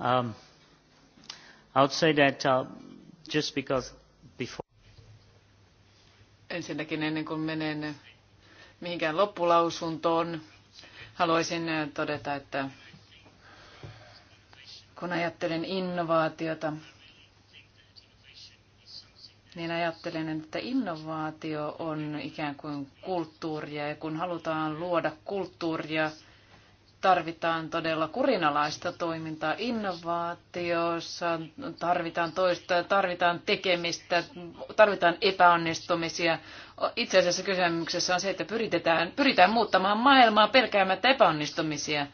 Um, I would say that uh, just because before... Ensinnäkin ennen kuin menen mihinkään loppulausuntoon, haluaisin äh, todeta, että kun ajattelen innovaatiota, niin ajattelen, että innovaatio on ikään kuin kulttuuria ja kun halutaan luoda kulttuuria, tarvitaan todella kurinalaista toimintaa innovaatiossa, tarvitaan toista, tarvitaan tekemistä, tarvitaan epäonnistumisia. Itse asiassa kysymyksessä on se, että pyritetään, pyritään muuttamaan maailmaa pelkäämättä epäonnistumisia.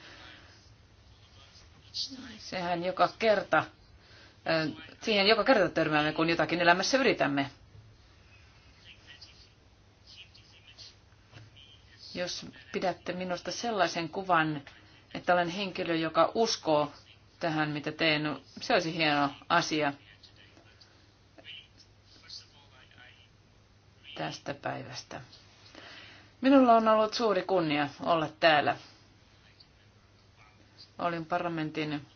Sehän joka kerta, eh, siihen joka kerta törmäämme, kun jotakin elämässä yritämme. jos pidätte minusta sellaisen kuvan, että olen henkilö, joka uskoo tähän, mitä teen, no, se olisi hieno asia tästä päivästä. Minulla on ollut suuri kunnia olla täällä. Olin parlamentin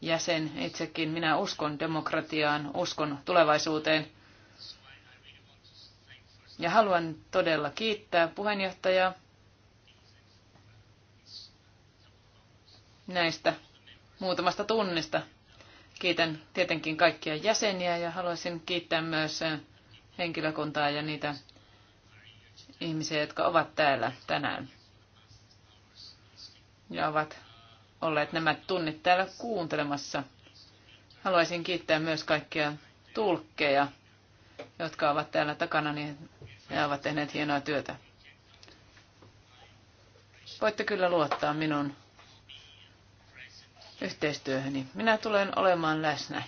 jäsen itsekin. Minä uskon demokratiaan, uskon tulevaisuuteen. Ja haluan todella kiittää puheenjohtajaa näistä muutamasta tunnista. Kiitän tietenkin kaikkia jäseniä ja haluaisin kiittää myös henkilökuntaa ja niitä ihmisiä, jotka ovat täällä tänään ja ovat olleet nämä tunnit täällä kuuntelemassa. Haluaisin kiittää myös kaikkia tulkkeja, jotka ovat täällä takana, niin ne ovat tehneet hienoa työtä. Voitte kyllä luottaa minun yhteistyöhöni. Minä tulen olemaan läsnä,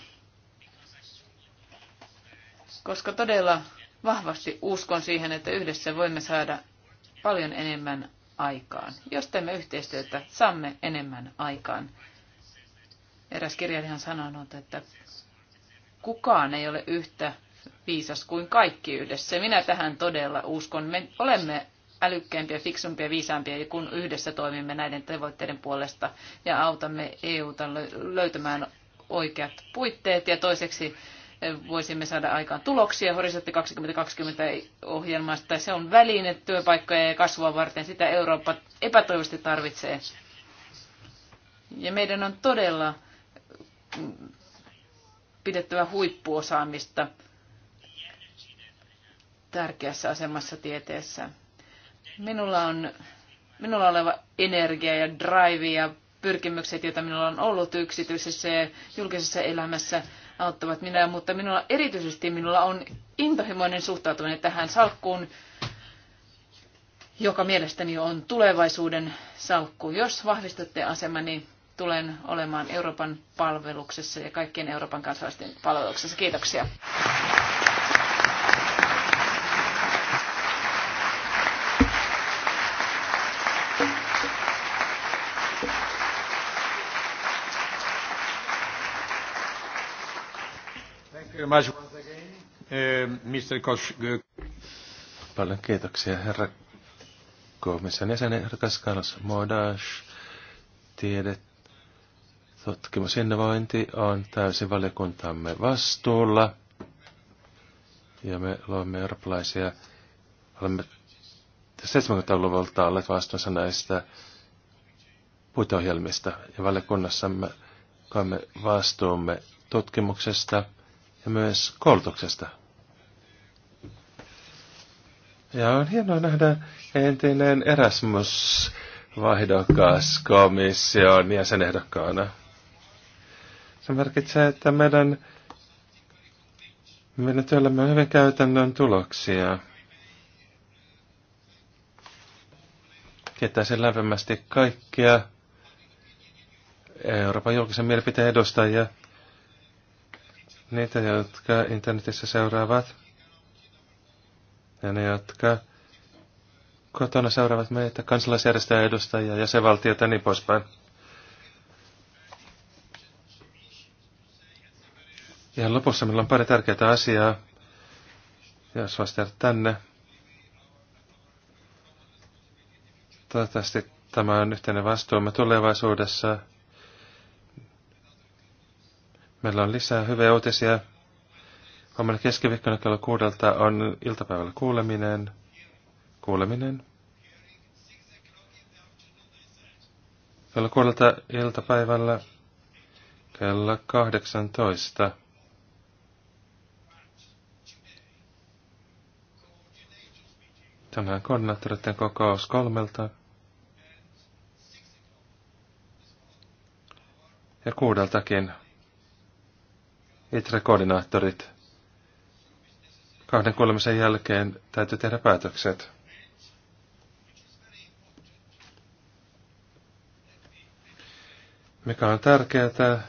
koska todella vahvasti uskon siihen, että yhdessä voimme saada paljon enemmän aikaan. Jos teemme yhteistyötä, saamme enemmän aikaan. Eräs kirjailija on sanonut, että kukaan ei ole yhtä viisas kuin kaikki yhdessä. Minä tähän todella uskon. Me olemme älykkäämpiä, fiksumpia, viisaampia, kun yhdessä toimimme näiden tavoitteiden puolesta ja autamme EUta löytämään oikeat puitteet. Ja toiseksi eh, voisimme saada aikaan tuloksia Horisontti 2020 ohjelmasta. Se on väline työpaikkoja ja kasvua varten. Sitä Eurooppa epätoivosti tarvitsee. Ja meidän on todella mm, pidettävä huippuosaamista tärkeässä asemassa tieteessä. Minulla on minulla oleva energia ja drive ja pyrkimykset, joita minulla on ollut yksityisessä ja julkisessa elämässä, auttavat minä, mutta minulla erityisesti minulla on intohimoinen suhtautuminen tähän salkkuun, joka mielestäni on tulevaisuuden salkku. Jos vahvistatte asemani, tulen olemaan Euroopan palveluksessa ja kaikkien Euroopan kansalaisten palveluksessa. Kiitoksia. Uh, uh, Paljon kiitoksia, herra komission jäsenehdokas Carlos Modash. Tiedet, tutkimusinnovointi on täysin valiokuntamme vastuulla. Ja me luomme eurooppalaisia, olemme 70-luvulta olleet vastuussa näistä puitohjelmista. Ja valiokunnassamme koemme vastuumme tutkimuksesta – ja myös koulutuksesta. Ja on hienoa nähdä entinen Erasmus vaihdokas komission jäsenehdokkaana. Se merkitsee, että meidän, meidän työllämme on hyvin käytännön tuloksia. Tietää sen lämpimästi kaikkia Euroopan julkisen mielipiteen edustajia, niitä, jotka internetissä seuraavat ja ne, jotka kotona seuraavat meitä, kansalaisjärjestöjä, edustajia, jäsenvaltioita ja niin poispäin. Ihan lopussa meillä on pari tärkeää asiaa, jos vastaat tänne. Toivottavasti tämä on yhteinen vastuumme tulevaisuudessa. Meillä on lisää hyviä uutisia. Huomenna keskiviikkona kello kuudelta on iltapäivällä kuuleminen. Kuuleminen. Kello kuudelta iltapäivällä kello 18. Tänään koordinaattoreiden kokous kolmelta. Ja kuudeltakin. ITRE-koordinaattorit. Kahden kuulemisen jälkeen täytyy tehdä päätökset. Mikä on tärkeää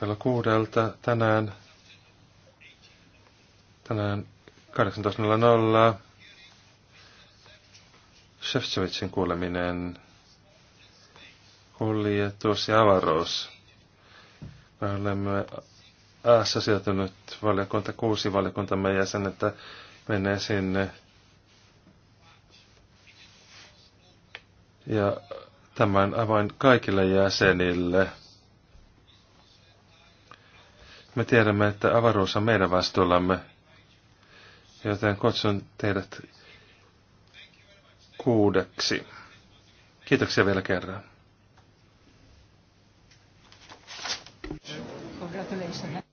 kello kuudelta tänään, tänään 18.00 Shevchevitsin kuuleminen kuljetus ja avaruus. Me olemme assosioitunut valiokunta, kuusi jäsen, jäsenettä menee sinne. Ja tämän avain kaikille jäsenille. Me tiedämme, että avaruus on meidän vastuullamme, joten kutsun teidät kuudeksi. Kiitoksia vielä kerran. Congratulations.